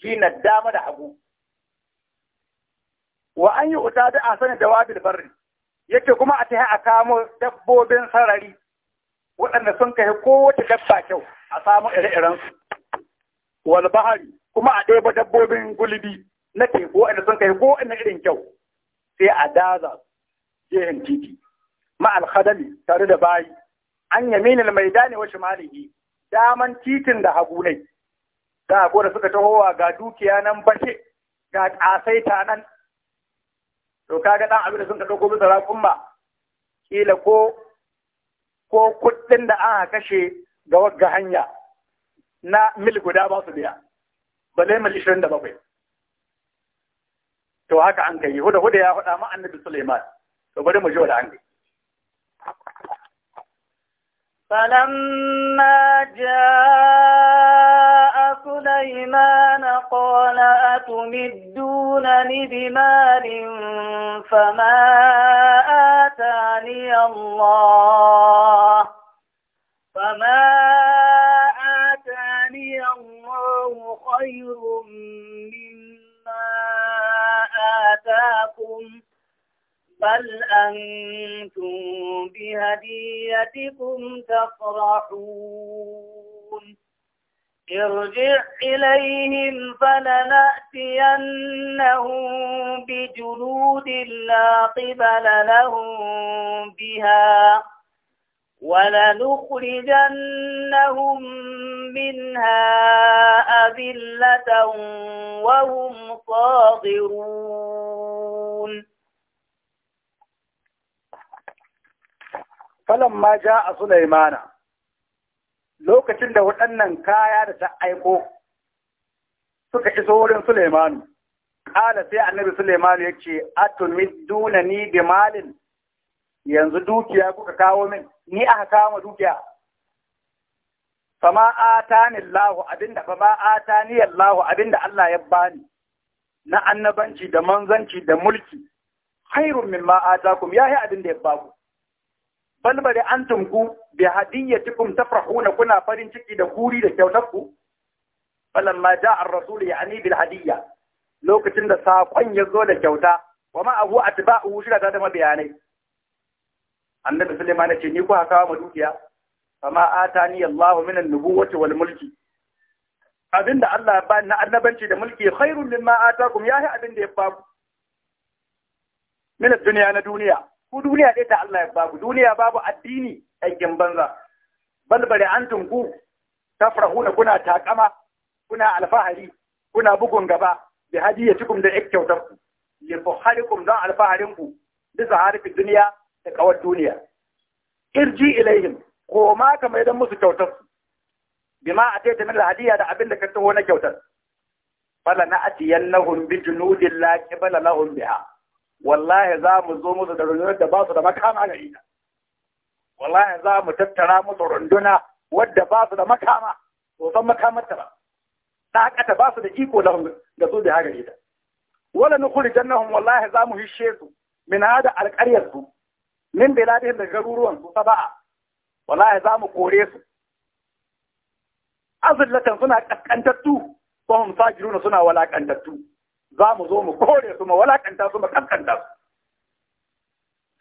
gina dama da hagu wa an yi uta da asana da wabil barri yake kuma a tahi a kamo dabbobin sarari waɗanda sun kai kowace dabba kyau a samu ire-irensu wal bahari kuma a ɗaya dabbobin gulbi na teku wanda sun kai ko ina irin kyau sai a daza jihin titi ma'al tare da bayi an mai dane wa shimalihi daman titin da hagu ne da ko da suka tahowa ga dukiya nan bace ga ta nan to kaga dan abin da sun ka dauko bisa raƙumma kila ko ko kuɗin da aka kashe ga wagga hanya na mil guda ba su biya balaimal 27 to haka an kai huda huda ya faɗa ma annabi Sulaiman to bari mu ji wala an kai فلما جاء سليمان قال أتمدونني بمال فما آتاني الله فما خير مما آتاكم بل أنتم بهديتكم تفرحون ارجع إليهم فلنأتينهم بجنود لا قبل لهم بها ولنخرجنهم منها أذلة وهم صاغرون فلما جاء سليمان لوكا تندهو أنن كايا تتعيقو سكا إسهور سليمان قال سيع النبي سليمان يكشي أتمدونني بمالٍ yanzu dukiya kuka kawo min ni aka kawo dukiya fama atani Allah abinda fama atani Allah abinda Allah ya bani na annabanci da manzanci da mulki khairun mimma atakum yahi abinda ya baku bal bari antum ku bi hadiyatikum tafrahuna kuna farin ciki da kuri da kyautar ku falamma jaa ar-rasul yani bil hadiyya lokacin da sakon ya zo da kyauta wa ma abu atba'u shirata da bayanai. annabi Sulaiman ya ce ni ku haka ma dukiya fama atani Allah min an-nubuwati wal mulki abinda Allah ya bani na annabanci da mulki khairun mimma atakum yahi abinda ya baku min dunya na duniya ku duniya dai ta Allah ya baku duniya babu addini aikin banza bal bari antum ku tafrahuna kuna takama kuna alfahari kuna bugun gaba bi hadiyatikum da ikkautarku li alfaharin ku. alfaharinku bisa harfi duniya da kawar duniya irji ilayhim, ko ma ka mai don musu kyautar su bima a ta min hadiya da abin da ka taho na kyautar Bala na atiyannahum bi junudin bala qibala lahum biha wallahi za mu zo musu da rundunar da ba su da makama ga ita wallahi za mu tattara musu runduna wadda ba su da makama ko san ta ba ta hakata ba su da iko lahum da su da haka ita wala nukuri nukhrijannahum wallahi za mu hishe su min hada su. Nin ya biladihim da garuruwan su saba'a wallahi za mu kore su azillatan suna kaskantattu ko hum sajiruna suna walakantattu za mu zo mu kore su mu walakanta su mu kaskanta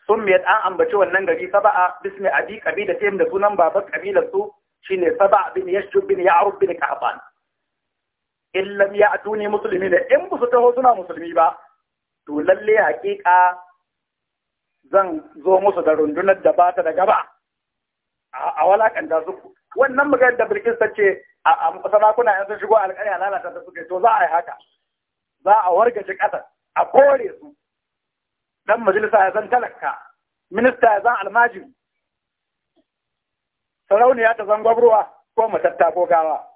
su sun mai an ambaci wannan gari saba'a bismi abi kabila ta da sunan babar kabilar su shine saba'a bin yashub bin ya'rub bin ka'ban in ya'tuni muslimina in bu su taho suna musulmi ba to lalle haƙiƙa zan zo musu da rundunar da ba ta da gaba a walakanta su wannan muka da bilkis ta ce a sarakuna yanzu shigo alƙarya lalata da suke to za a yi haka za a wargaje ƙasar a kore su dan majalisa ya zan talaka minista ya zan almajiri sarauniya ta zan gwabruwa ko matatta ko gawa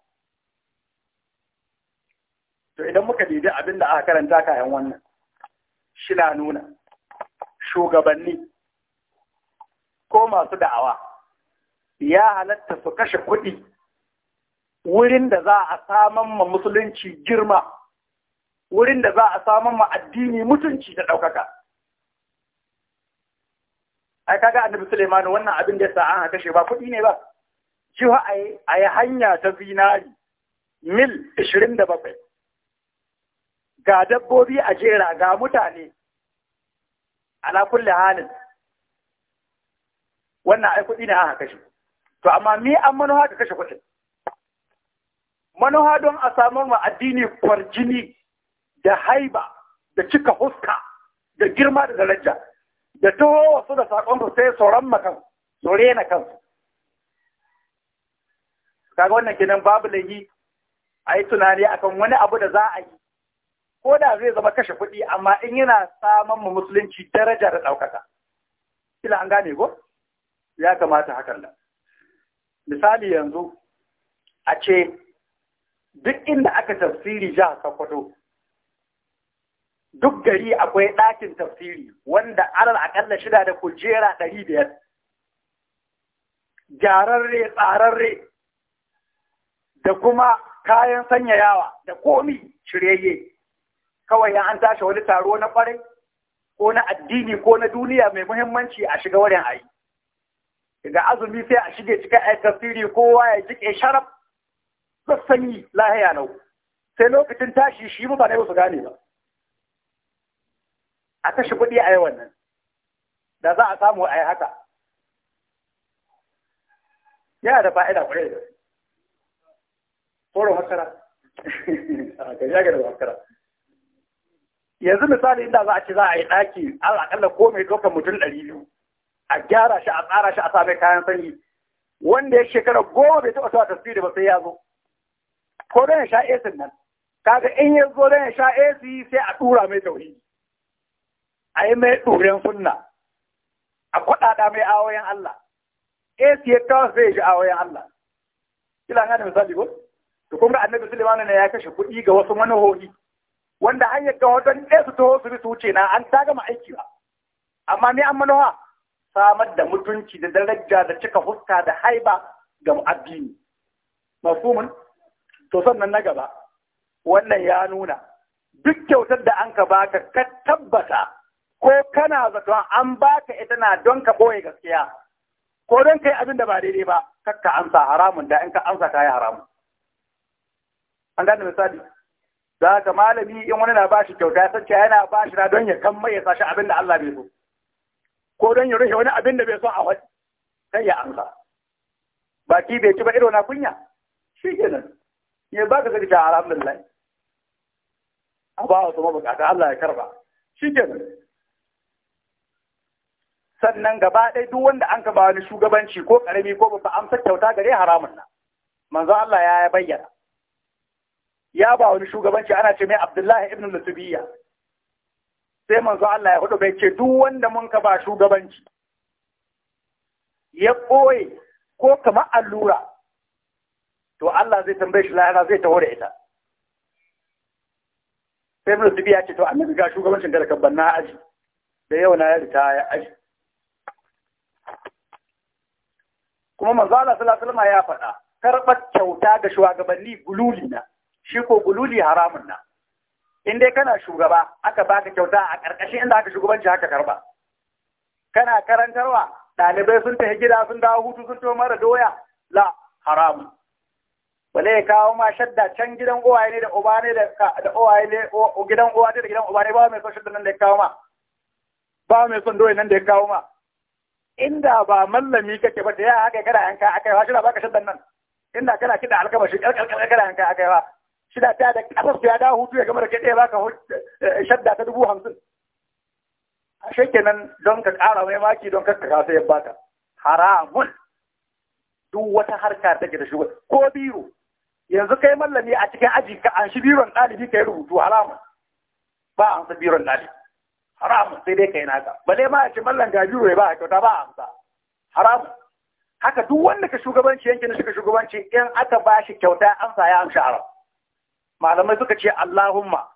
to idan muka didi abin da aka karanta kayan wannan shi na nuna shugabanni ko masu da'awa ya halatta su kashe kuɗi wurin da za a saman ma musulunci girma wurin da za a saman ma addini mutunci da ɗaukaka ai kaga annabi Suleiman wannan abin da yasa an kashe ba kuɗi ne ba shi a yi hanya ta zinari mil 27 ga dabbobi a jera ga mutane ala kulli halin wannan ai kuɗi ne aka kashe to amma me an manoha da kashe kuɗin manoha don a samar ma addini kwarjini da haiba da cika huska da girma da daraja da taho wasu da su sai tsoron makan tsore na kansu kaga wannan kenan babu layi, a yi tunani akan wani abu da za a yi ko da zai zama kashe kuɗi amma in yana saman mu musulunci daraja da ɗaukaka kila an gane ko ya kamata hakan nan misali yanzu a ce duk inda aka tafsiri ja Sokoto duk gari akwai ɗakin tafsiri wanda alal aƙalla shida da kujera ɗari biyar gyararre tsararre da kuma kayan sanyayawa da komi shiryayye kawai ya an tashi wani taro na kwarai ko na addini ko na duniya mai muhimmanci a shiga wurin a yi. daga azumi sai a shige cikin ayi tafsiri kowa ya jike sharaf da sanyi lahiya nau sai lokacin tashi shi mu ba na su gane ba a kashe kuɗi a yi wannan da za a samu a yi haka yana da fa'ida kwarai da tsoron Koro <laughs> a gajiya ga da haskara. yanzu misali inda za a ci za a yi ɗaki akalla ko mai ɗaukar mutum ɗari biyu a gyara shi a tsara shi a sa kayan sanyi wanda ya shekara goma bai taɓa zuwa tasiri ba sai ya zo ko don ya sha esin nan kaga in ya zo don ya sha esi sai a ɗura mai tauri a yi mai ɗuren sunna a kwaɗaɗa mai awoyin Allah esi ya kawo sai ya shi awoyin Allah kila ga misali ko to kuma ga annabi Sulaiman ne ya kashe kuɗi ga wasu manohohi wanda yi ga wajen ɗaya su taho su su wuce na an ta gama aiki ba amma ni an manowa samar da mutunci da daraja da cika fuska da haiba ga addini Mafumin? to sannan na gaba wannan ya nuna duk kyautar da an ka baka ka tabbata ko kana zato an baka ita na don ka ɓoye gaskiya ko don kai abin da ba daidai ba kakka amsa haramun da in ka amsa ka yi haramun an gane misali da ga malami in wani na ba shi kyauta ya sace yana ba shi na don ya kan mai sashi abin da Allah bai so ko don ya rushe wani abin da bai so a wani kan ya amsa baki bai ci ba ido na kunya shi ke nan. ya ba ka zai ta lai. a ba wasu mabukata Allah ya karba shi ke nan. sannan gaba ɗaya duk wanda an ka ba wani shugabanci ko ƙarami ko babba amsa kyauta gare haramun nan manzo Allah ya bayyana ya ba wani shugabanci ana ce mai Abdullahi ibn Lutubiyya sai manzo Allah ya hudu bai ce duk wanda mun ka ba shugabanci ya ɓoye ko kamar allura to Allah zai tambaye shi lahira zai taho da ita sai ibn Lutubiyya ce to annabi ga shugabancin da kabban na aji da yau na ya ritaya aji kuma manzo Allah sallallahu alaihi wasallam ya faɗa karɓar kyauta ga shugabanni bululi na shi ko gululi haramun na in dai kana shugaba aka baka kyauta a ƙarƙashin inda aka shugabanci haka karba kana karantarwa ɗalibai sun tafi gida sun dawo hutu sun to mara doya la haramu. wale ya kawo ma shadda can gidan uwaye ne da uba ne da uwaye ne gidan uwa da gidan uba ne ba mai son shadda nan da ya kawo ma ba mai son doya nan da ya kawo ma inda ba mallami kake ba da ya haka kada yanka akai ba, shi da baka shaddan nan inda kana kida ƙarƙar ƙarƙar kada shida ta da ƙasar su ya dawo hutu ya gama da kaɗai baka eh, shadda ta dubu hamsin A ashe nan don ka ƙara mai maki don kakka kasa ya baka haramun duk wata harka ta da shugaba ko biro yanzu kai mallami a cikin aji ka an shi biron ɗalibi ka yi rubutu haramun ba a amsa biron ɗalibi haramun sai dai ka yi naka ba dai ma a ce mallan ga biro ya ba a kyauta ba a amsa haramun haka duk wanda ka shugabanci yankin shi ka shugabanci in aka ba shi kyauta amsa ya amsa haram malamai suka ce Allahumma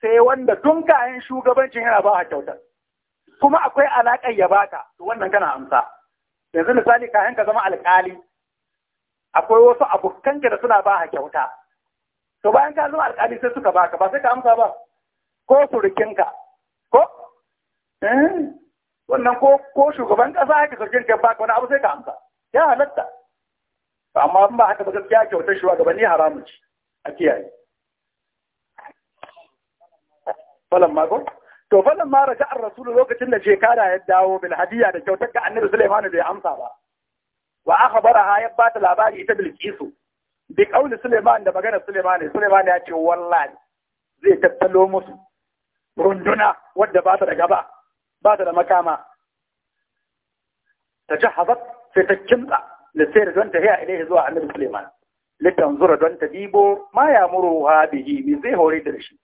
sai wanda tun kayan shugabancin yana ba a kyautar kuma akwai alaƙar ya baka to wannan kana amsa yanzu misali kayan ka zama alƙali akwai wasu abokan da suna ba a kyauta to bayan ka zama alƙali sai suka baka ba sai ka amsa ba ko ka ko eh, wannan ko ko shugaban ƙasa haka surukin ka baka wani abu sai ka amsa ya halatta amma ba haka ba gaskiya kyautar shugabanni haramun ci a kiyaye falan ma ko to falan ma raja ar rasulu lokacin da shekara ya dawo bil hadiya da kyautar ka annabi sulaiman bai amsa ba wa ha ya bata labari ita bilkisu bi qauli sulaiman da maganar sulaiman sulaiman ya ce wallahi zai tattalo musu runduna wadda ba ta da gaba ba ta da makama ta sai ta kimtsa lissayar don ta hiya ilaihi zuwa annabi sulaiman litan zura don ta dibo ma ya muru ha bihi zai hore da shi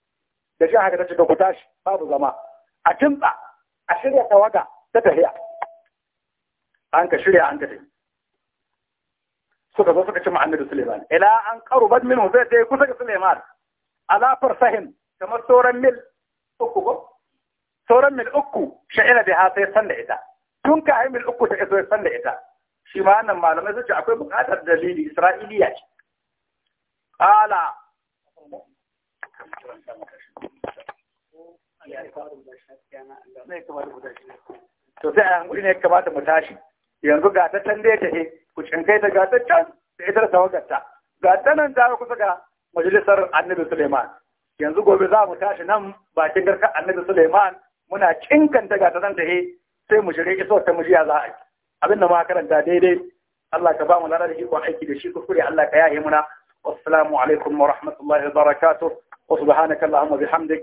da shi haka ta ce ku tashi babu zama a kimtsa a shirya tawaga ta tafiya an ka shirya an ka tafi suka zo suka ci ma'annabi Suleiman ila an min minhu zai dai kusa ga Suleiman ala farsahin kamar sauran mil uku ko sauran mil uku sha'ira da ya san da ita tun ka hai mil uku ta iso san da ita shi ma nan malamai sun ce akwai buƙatar dalili Isra'iliya ce qala to sai a hankuli ne ya kamata mu tashi yanzu ga ta can dai tahe ku cinkai ta ga ta can da ita da tawagarta ga ta nan ta kusa ga majalisar annabi Suleiman yanzu gobe za mu tashi nan bakin garkar annabi Suleiman muna cinkanta ga ta nan tahe sai mu shirye iso ta mujiya za a yi abin da ma karanta daidai Allah ka ba mu lada da ikon aiki da shi kuskure Allah ka yaye muna wassalamu alaikum wa rahmatullahi wa barakatuh wa subhanaka allahumma bihamdik